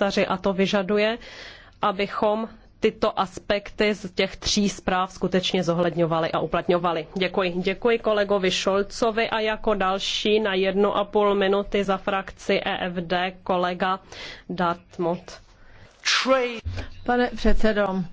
komisaři, a to vyžaduje, abychom tyto aspekty z těch tří zpráv skutečně zohledňovali a uplatňovali. Děkuji. Děkuji kolegovi Šolcovi a jako další na jednu a půl minuty za frakci EFD kolega Dartmouth. Pane předsedo,